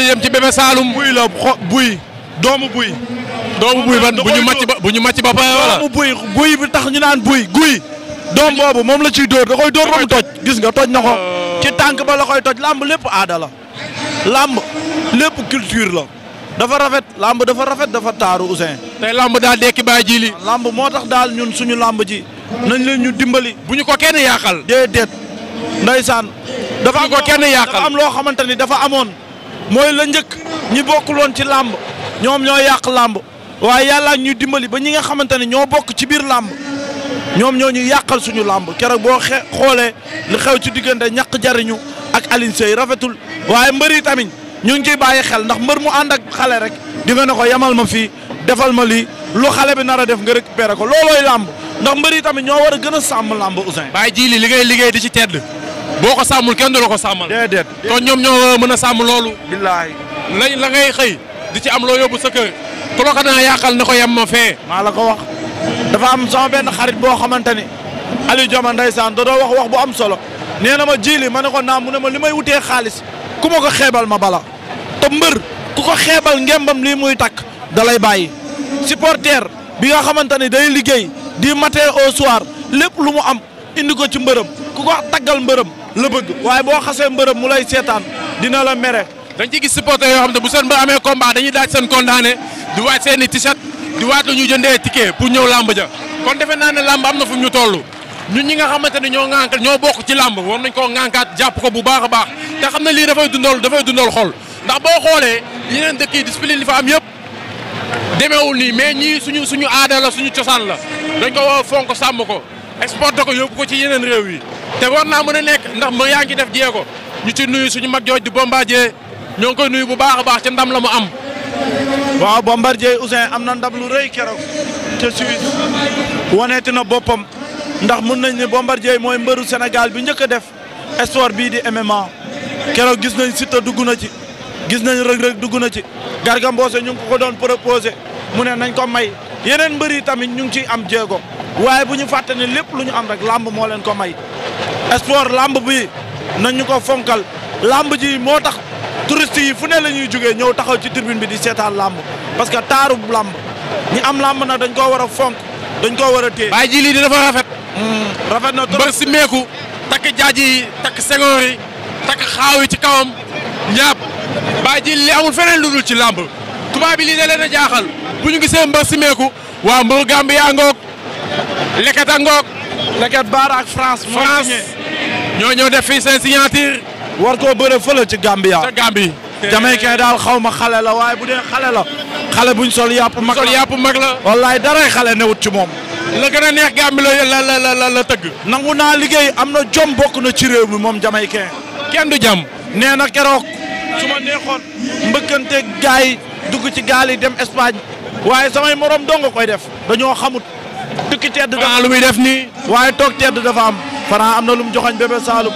di dem ci bébé Saloum. buy la xo buy doomu buy. doomu buy ban bu ñu màcc ba bu ñu màcc ba pare wala. doomu buy bi tax ñu naan buy guy. doom boobu moom la ciy dóor da koy dóor toj. gis nga toj na ko euh. ci tànk ba la koy toj làmb lépp aada làmb lépp culture la. dafa rafet làmb dafa rafet dafa taaru Ousseyn. tey làmb daal dekki baa ji li làmb moo tax daal ñun suñu làmb ji. nañ leen ñu dimbali. bu ñu ko kenn yàqal. déedéet. ndeysaan. dafa am kenn yàqal dafa am loo xamante ni dafa amoon. mooy la njëkk ñi bokkuloon ci làmb ñoom ñoo yàq làmb waaye yàlla ñu dimbali ba ñi nga xamante ne ñoo bokk ci biir làmb ñoom ñoo ñu yàqal suñu làmb keroog boo xe xoolee li xew ci diggante ñaq jariñu ak Alioune rafetul waaye mbër yi tamit ñu ngi ciy bàyyi xel ndax mbër mu ànd ak xale rek di nga ne ko yamal ma fii defal ma li lu xale bi nar a def nga récupéré ko loolooy làmb ndax mbër yi tamit ñoo war a gën a sàmm làmb Ousseyn. bàyyi ji li li liggéey di ci tedd. boo ko sàmmul kenn du la ko sàmmal. déedéet kon ñoom ñoo mën a sàmm loolu. billaahi lay la ngay xëy di ci am loo yóbbu sa kër. ku la ko dana yàqal na ko yem ma fee. maa la ko wax dafa am sama benn xarit boo xamante ni Aliou Diome ndeysaan da doo wax wax bu am solo nee na ma jiili ma ne ko naam mu ne ma li may wutee xaalis ku ma ko xeebal ma bala te mbër ku ko xeebal ngembam lii muy takk dalay bàyyi. supporter bi nga xamante ni day liggéey di matin au soir lépp lu mu am indi ko ci mbërëm ku ko taggal mbërëm. la bëgg waaye boo xasee mbërëm mu lay seetaan dina la mere. dañ ci gis supporter yoo xam ne bu seen ba amee combat dañuy daaj seen condamné di waaj seen i t-shirt di waaj lu ñuy jëndee ticket pour ñëw làmb ja kon defe naa ne làmb am na fu ñu toll ñu ñi nga xamante ne ñoo ŋànk ñoo bokk ci làmb war nañ koo ŋànkaat jàpp ko bu baax a baax te xam ne lii dafay dundool dafay dundal xol ndax boo xoolee yeneen dëkk yi discipline li fa am yëpp demewul nii mais ñii suñu suñu aada la suñu cosaan la dañ ko fonk sàmm ko exporté ko yóbbu ko ci yeneen réew yi te war naa mën a nekk ndax ma yaa ngi def jéego ñu ci nuyu suñu mag jooj di Bombardier ñoo ngi koy nuyu bu baax a baax ca ndam la mu am. waaw Bombardier Ousseyn am na ndam lu rëy keroog te Suisse waneeti na boppam ndax mun nañ ne Bombardier mooy mbëru senegal bi njëkk a def sport bii di MMA keroog gis nañ Siteu dugg na ci gis nañ Reug Reug dugg na ci Garga Mbossé ñu ngi ko ko doon proposé mu ne nañ ko may. yeneen mbër yi tamit ñu ngi ciy am jéego waaye bu ñu fàtte ne lépp lu ñu am rek làmb moo leen ko may sport làmb bi nañu ko fonkal làmb ji moo tax touristes yi fu ne la ñuy jógee ñëw taxaw ci tribune bi di seetaan làmb parce que taaru làmb ñi am làmb na dañ koo war a fonk dañ koo war a téye. waaye jii lii di dafa rafet. Hmm, rafet na trop ba si meeku takk jaaji yi takk sengoor yi takk xaaw yi ci kawam ñaap. bàyyi ji li amul feneen lu dul ci làmb tubaab bi lii da leen a jaaxal. bu ñu gisee mbër simeeku waa mbër Gambia ngoog Leket ak ngoog. Leket Baara France. France ñoo ñoo def fii seen signature. war koo bëre fële ci Gambia. ca Gambie. Jamaïcain daal xaw ma xale la waaye bu dee xale la. xale buñ sol yàpp mag la sol yàpp mag la. wallaay daray xale newut ci moom. la gën a neex Gambie la la tëgg. nangu naa liggéey am na jom bokk na ci réew mi moom Jamaïcain. kenn du jam. nee na keroog su ma neexoon mbëkkanteeg gaay dugg ci gaal yi dem Espagne. waaye samay morom dong koy def dañoo xamut. tukki tedd dafa lu muy def nii. waaye toog tedd dafa am. Franc am na lu mu joxoñ Bébé Saloum.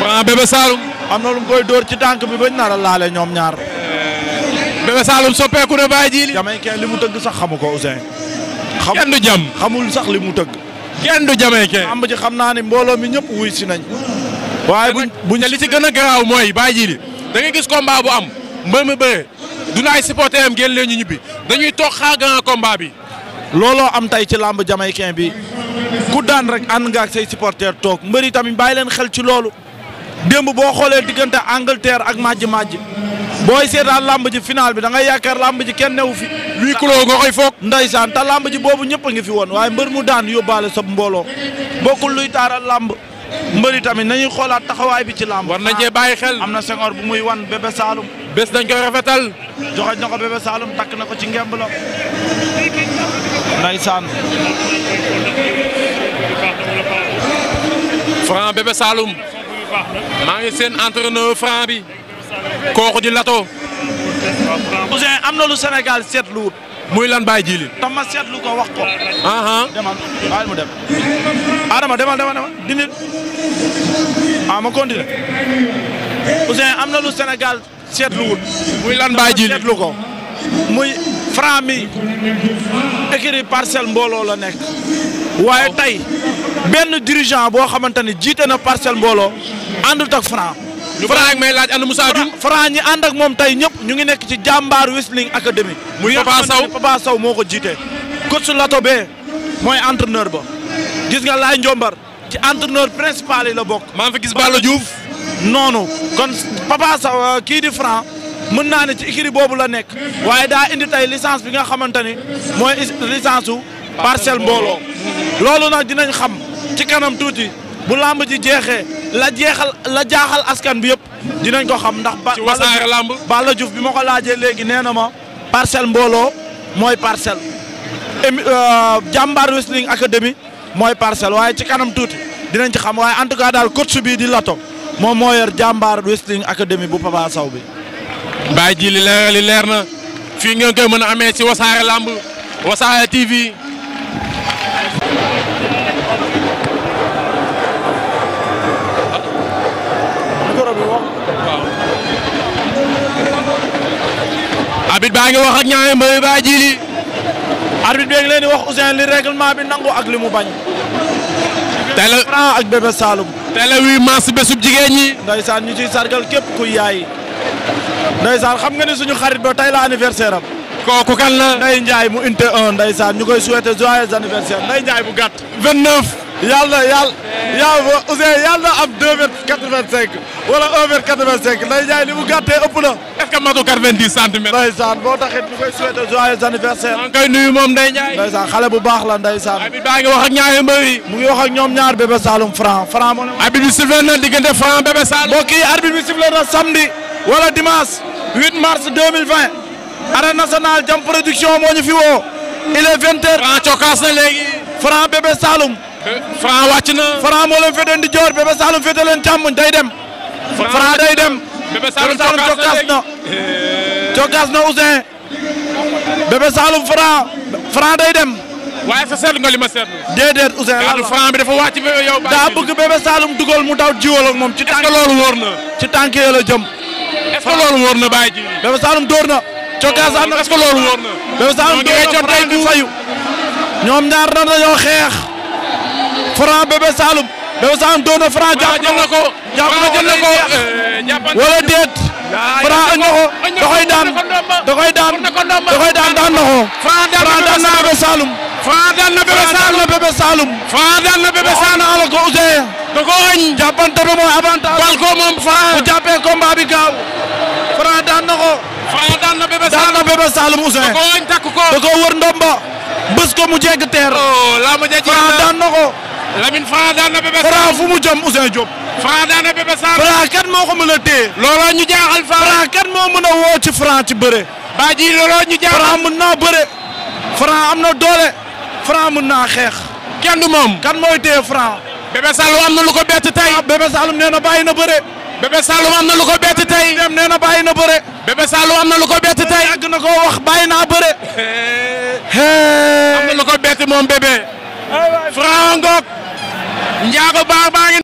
Franc Bébé Saloum. am na lu koy dóor ci tànk bi bañ nar a laale ñoom ñaar. Bébé Saloum soppeeku ne bàyyi ji li. Jamaïcain li mu tëgg sax xamu ko Ousseyn. xamul kenn du jam xamul sax li mu tëgg. kenn du Jamaïcain. am ji xam naa ne mbooloo mi ñëpp wuy si nañ. waaye bu buñ li ci gën a garaaw mooy bàyyi ji li. da nga gis combat bu am mbër mi bëree duna ay supporter am génn leen ñu ñibbi dañuy toog xaar grand combat bi. looloo am tey ci làmb jamaïcain bi ku daan rek ànd nga ak say supporter toog yi tamit bàyyi leen xel ci loolu démb boo xoolee diggante Angleterre ak majj majj booy seetaan làmb ji final bi da ngay yaakaar làmb ji kenn newu fi. huis clos nga koy foog. ndeysaan te làmb ji boobu ñëpp a ngi fi woon waaye mbër mu daan yóbbaale sa mbooloo bokkul luy taaral làmb mbëri tamit nañuy xoolaat taxawaay bi ci làmb. war nañ cee bàyyi xel am na Senghor bu muy wan bébé Saloum. bés dañ koy rafetal. joxoñ na ko Bébé Saloum takk na ko ci ngemb la. ndeysaan. Franc Bébé Saloum. maa ngi seen entraîneur Franc bi. kooku di lato. Ousseyn am na lu Sénégal seetlu wut. muy lan bàyyi jiili. tam ma seetlu ko wax ko. demal mu dem. Adama demal demal demal dindi. ah ma continué. am na lu Sénégal. seetlu wut. muy lan baa ji seetlu ko. muy franc mi écurie parcelle mbooloo la nekk. waaye tey benn dirigeant boo xamante ni jiite na parcelle mbooloo àndut ak franc. ñu franc ak may laaj ànd Moussa Dioum franc ñi ànd ak moom tey ñëpp ñu ngi nekk ci jàmbaar Wrestling Academy. muy Papa Sow Papa Sow moo ko jiite. coach Lato bee mooy entraîneur ba. gis nga laay njombar ci entraîneur principal yi la bokk. maa ngi fa gis Balla Diouf. noonu kon Papa Sow euh, kii di Franc mën naa ne ci écurie boobu la nekk waaye daa indi tey licence bi nga xamante ni mooy licence su Parcelles Mbooloo loolu nag dinañ xam ci kanam tuuti bu làmb ji jeexee la jeexal la jaaxal askan bi yëpp dinañ ko xam ndax. ci wasaare làmb Balla Diouf bi ma ko laajee léegi nee na ma Parcelles Mbooloo mooy parcelle émi euh, Jàmbaar Wrestling Academy mooy parcelle waaye ci kanam tuuti dinañ ci xam waaye en tout cas daal coach bii di lato moom moo yor jàmbaar wrestling academy bu Papa Sow bi. bàyyi ji li leer na fii ngeen koy mën a amee ci wasaare lamb wasaare TV. arbitre baa ngi wax ak ñaari mbéy jiili. arbitre bi ngi leen di wax Ousseyn li règlement bi nangu ak li mu bañ. tey ak Bébé Saloum. tey la 8 mars bésub jigéen ñi. ndeysaan ñu ciy sargal képp kuy yaay. ndeysaan xam nga ni suñu xarit ba tey la anniversaire am. kooku kan la. Ndeye Ndiaye mu inte un ndeysaan ñu koy souhaiter joyeux anniversaire Ndeye Ndiaye bu gàtt. 29. yàlla yàlla yàlla Ousseyn yàlla am 2 mètres 85 wala 1 mètre 85 Ndeye Ndiaye li mu gàttee ëpp na. est-ce que matu 90 centimètres. ndeysaan boo taxit ñu koy souhaiter joyeux anniversaire. maa ngi koy nuyu moom Ndeye Ndiaye. ndeysaan xale bu baax la ndeysaan. Habib baa ngi wax ak ñaari mbër yi. mu ngi wax ak ñoom ñaar Bébé Saloum Franc Franc moo ne. Habib bi sifflé na diggante Franc Bébé Saloum. mbokk yi arbitre bi sifflé na samedi wala dimanche 8 mars 2020. arène nationale Jam Production moo ñu fi woo. il est 20 heures. Franc cokaas na léegi. Franc Bébé Saloum. Franc wàcc na. Franc moo leen féetee ndijoor Bébé Saloum féetee leen càmmoñ day dem. Franc day dem. Bébé Saloum cokkaas na cokkaas na Ousseyn. Bébé Saloum Franc. Franc day dem. waaye sa seetlu nga li ma seetlu. déedéet Ousseyn lan Franc bi dafa wàcc yow. daa bëgg Bébé Saloum dugal mu daw jiwal ak moom. ci tànk loolu wóor na. ci tànk yi la jëm. est ce que loolu wóor na bàyyi ji. Bébé Saloum dóor na. cokkaas am na est ce que loolu wóor na. Bébé Saloum dóor na Franc bi fayu. ñoom ñaar dañoo xeex. Franc Bébé Saloum Bébé Saloum doon na Franc ko eh, wala déet Franc añ na daan da daan da daan daan na ko daan na Bébé Saloum Franc daan na Bébé Saloum Bébé daan na Bébé Saloum ala daan na ko Franc daan daan na Bébé Saloum Ousseyn da ko añ takk ko mu jégg teer oh daan na Lamine Franc daan na Bébé Saloum Franc fu mu jëm Ousseyn Diop. Franc daan kat moo ko mën a téye. looloo ñu jaaxal Franc. Franc kat moo mën a woo ci ci bëre. baa looloo ñu jaaxal Franc mën naa bëre. Franc am na doole. Franc mën naa xeex. kenn du moom kan mooy téye Franc. Bébé Saloum am na lu ko bett tey. ah Bébé nee na bàyyi na bëre. Bébé Saloum am na lu ko bett tey. dem na bàyyi na bëre. Bébé ko bett wax bàyyi naa bëre. am na lu ko bett moom bébé. Franc ngoog. Njaago baa baa ngi